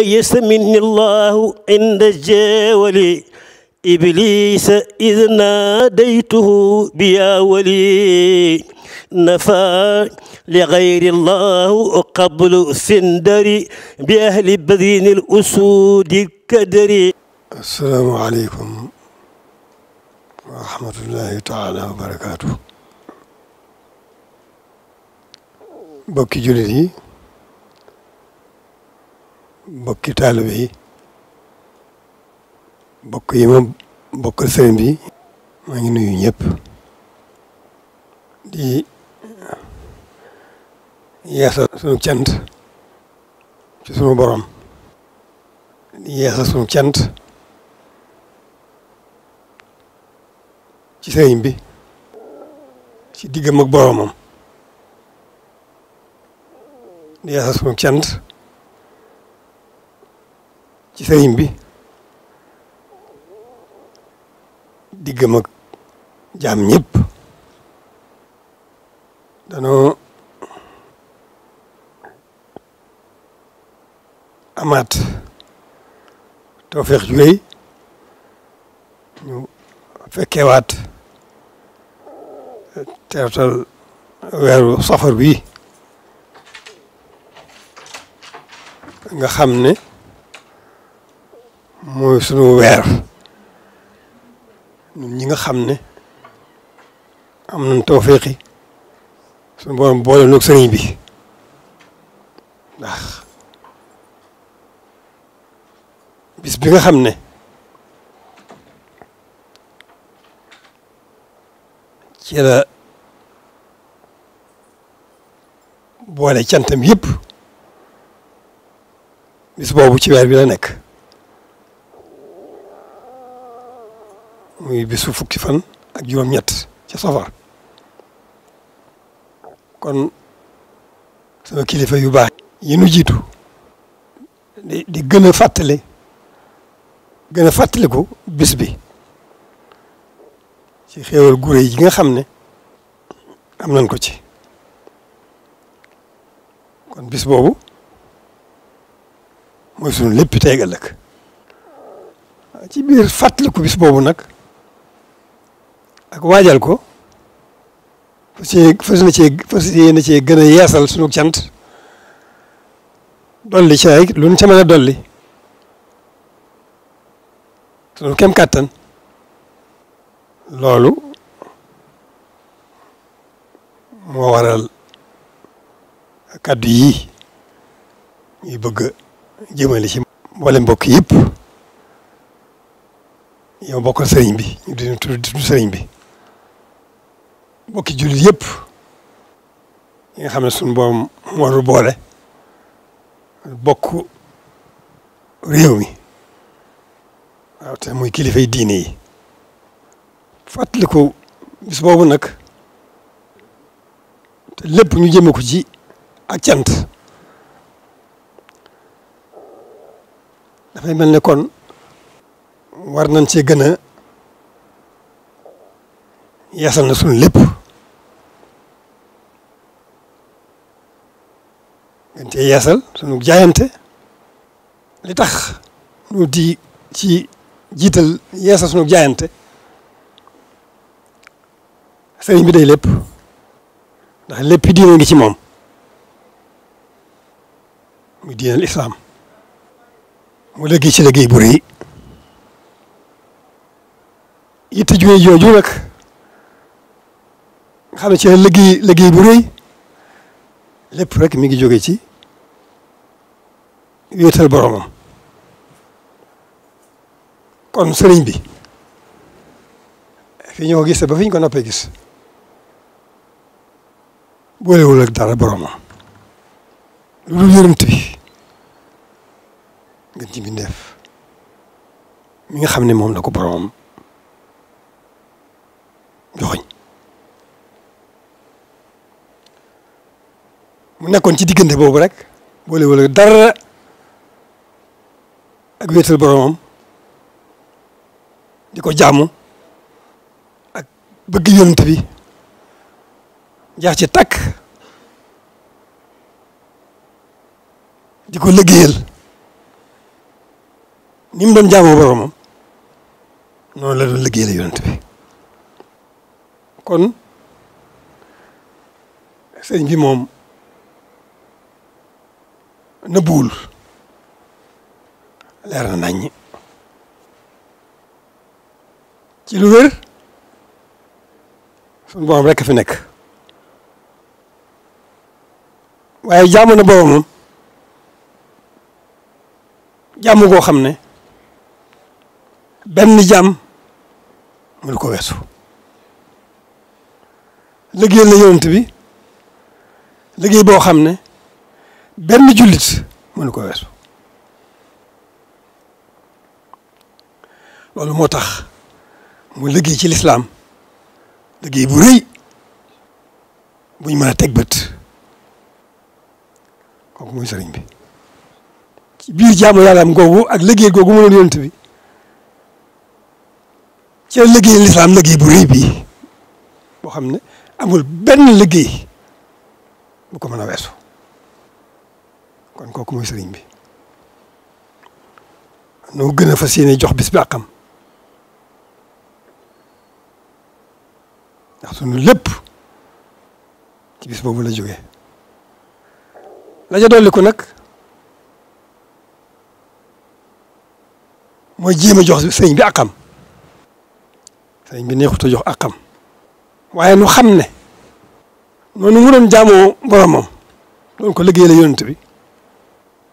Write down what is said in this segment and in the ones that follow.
أيس مني الله عند الجاول إبليس إذ ناديته بيا ولي نفى لغير الله قبل سندري بأهل بذين الأسود الكدري السلام عليكم ورحمة الله تعالى وبركاته بكي جلدي mbokki taalibe yi mbokk yi ma bokkal sëriñ bi maa ngi nuyu ñëpp di yeesa sunu cent ci sunu borom di yeesa sunu cant ci sëriñ bi ci diggam ak boromam di yeesa sunu cant ci sëriñ bi diggam ak jaam ñëpp danoo amaat tawfeex ju rëy ñu fekkeewaat eh, teertal weeru safar bii nga xam ne mooy sunu weer ñun ñi nga xam ne am nañ tawféqi sunu borom boole noog sëriñ bi ndax bis bi nga xam ne ci la boole cantam yëpp bis boobu ci weer bi la nekk muy bisu fukki fan ak juróom-ñett ci safar kon sama kilifa yu baax yi jiitu di di gën a fàttale gën a fàttaliku bis bi ci xéewal gure yi nga xam ne am nañ ko ci kon bis boobu mooy sunu lépp tey ëllëg ci biir fàttaliku bis boobu nag ak waajal ko fas yéene fas na cee fas gën a yeesal sunu cant dolli ci a dolli sunu kem kàttan loolu moo waral kàddu yii yi bëgg jëmale ci mboole mbokk yëpp yow bokkal sëriñ bi ñu di tudd sëriñ bi mbokki jullit yépp i nga xam ne suñu borom moo boole bokk réew mi waaw te muy kilifay diine yi fàttaliku bis boobu nag te lépp ñu jëme ko ci ak cant dafay mel ne kon war nañ cee gën a yeesal na suñu lépp gën cee yeesal sunu jaayante li tax ñu di ci jiital yeesal sunu jaayante sëriñ bi day lépp ndax lépp diine ngi ci moom muy diinal islaam mu liggéey ci liggéey bu rëy yitte ju jooju nag xam ci liggéey liggéey bu rëy lépp rek mi ngi jóge ci wéetal boroomam kon sëriñ bi fi ñoo gis ba fi ñu ko noppee gis boolewul ak dara boroomam lu dul yërëmt bi ngën ci mbindeef mi nga xam ne moom la ko boroomam joxoñ mu nekkoon ci diggante boobu rek boolewul ak dara ak wéetal boromam di ko jaamu ak bëgg yonent bi jaax ci takk di ko liggéeyal ni mu doon jaamoo boromam noonu la doon liggéeyal yonent bi kon sëñ bi moom nëbbuwul leer na nañ ci lu wér suñu borom rekk fi nekk waaye jaamu na boromam jaamu goo xam ne benn jaam mënu ko weesu liggéey la yonent bi liggéey boo xam ne benn jullit mënu ko weesu loolu moo tax mu liggéey ci lislaam liggéey bu rëy buñ mën a teg bët kooku mooy sëriñ bi ci biir jaamu yàlla am googu ak liggéey googu mënoon yonent bi ci liggéey lislaam liggéey bu rëy bii boo xam ne amul benn liggéey bu ko mën a weesu kon kooku mooy sëriñ bi noo gën a fas yéene jox bis bi sunu lépp ci boobu la jógee la ja dolli ko nag mooy jéem a jox sëñ bi akam sëñ bi neexut a jox akkam waaye nu xam ne noonu mu doon jaamoo boromam doon ko liggéey la yonent bi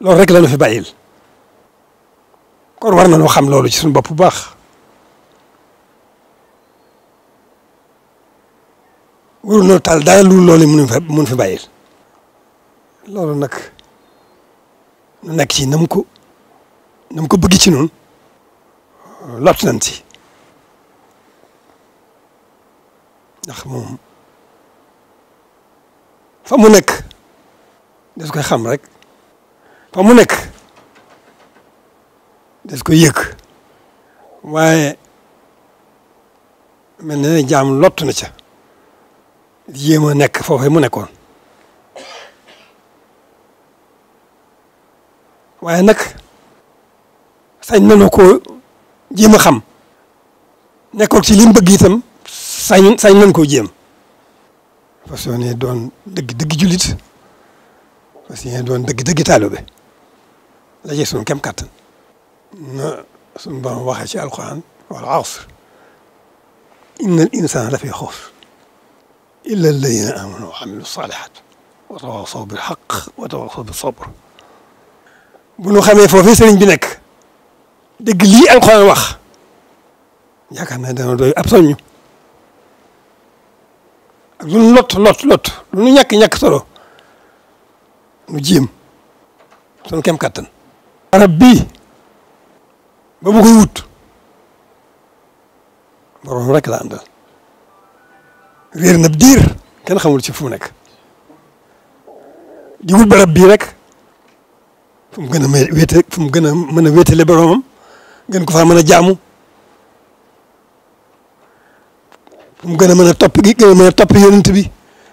loolu rek la nu fi bàyyil kon war na noo xam loolu ci suñu bopp bu baax waru noo taal dara lu loolu mënu fa mënu fi bàyyil loolu nag nu nekk ci nam ko nam ko bëgg ci noonu lot nañ ci ndax moom fa mu nekk des koy xam rek fa mu nekk des ko yëg waaye mel na ne jaam lott na ca jéem nekk foofee mu nekkoon waaye nag sañ nañoo koo jéema xam nekkoon ci li mu bëgg itam sañ sañ nañ koo jéem fas yéene doon dëgg dëgg jullit fas yéene doon dëgg dëgg taalibe la jee suñu kem kàttan na suñu borom waxee ci alquran wal asr inna al insana la fi illa alladina amanu wa amilu salihat wa tawasaw bil xaq wa tawasaw bis sabr bu ñu xamee foofii sëriñ bi nekk dëgg lii alxuraan wax na naa dana doy ab soññu ak lot lot lot nu ñàkk ñàkk solo nu jéem sunu kem kattan. barab bii ba mu koy wut borom rek la àndal. réer na diir kenn xamul ci fu mu nekk di wut barab bii rek fu mu gën a may wéete fu mu gën a mën wete wéetale boromam gën ko faa mën a jaamu fu gën a mën a topp gi gën a mën a topp yonent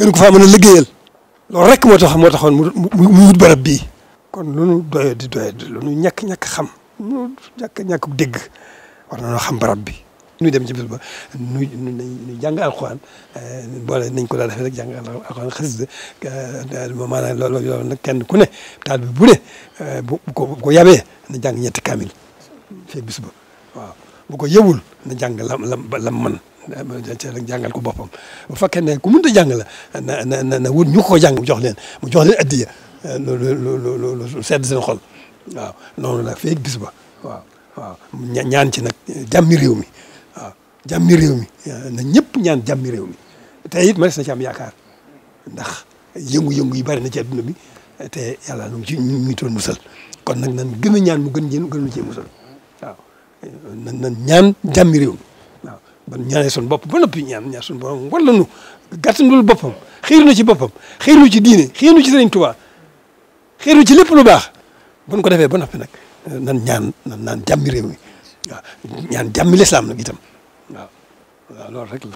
ko fa mën a liggéeyal loolu rek moo tax moo taxoon mu wut barab bii kon lu nu doyoo di doyoo di lu nu ñàkk ñàkk xam lu nu ñàkk ñàkk dégg war na noo xam barab bi nu dem ci bis ba nuy nuy nuy jàng alxuraan eh, boole nañ ko daal defee rek jàng alxuraan xasida eh, maanaam loolu loolu nag kenn ku ne taal bi bu ne eh, bu ko bu ko yabee na jàng ñetti kaamil ba waaw bu ko yewul na jàng la lam lam man jàngal ko boppam bu fekkee ne ku mënut a jàng la na na na wut ñu ko jàng mu jox leen mu jox leen addiya lu lu lu sedd xol waaw noonu la fii bis ba waaw waaw ñaan ci nag jàmmi réew mi. jàmmi réew mi na ñëpp ñaan jàmmi réew mi te it ma des na ci am yaakaar ndax yëngu-yëngu yi bari na ci adduna bi te yàlla nu ci ñu ngi doon kon nag nan gën a ñaan mu gën jéem gën cee musal waaw nan nan ñaan jàmmi ban ñaanee sun bopp ba noppi ñaan ñaan sun borom war la nu gàttandul boppam xiir nu ci boppam xiir nu ci diine xiir nu ci sëriñ Tuubaa xiir nu ci lépp lu baax buñ ko defee ba noppi nag nan ñaan nan naan jàmmi réew mi waaw ñaan jàmmi lislaam nag itam waaw loolu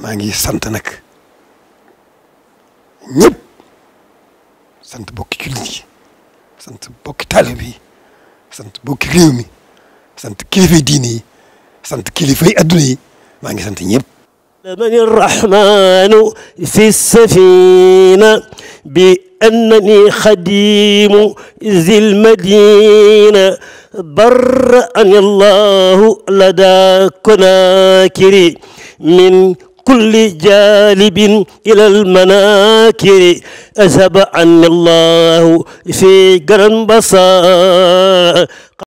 maa ngi sant nag ñëpp sant bokki jullit yi sant bokki taalib sant bokki réew sant kilifay diine sant kilifay adduna maa ngi sant ñëpp. man irrahmanu fi safina أنني خديم ذي المدينة برأني الله لدى كناكري من كل جالب إلى المناكر أذهب عني الله في قرن بصار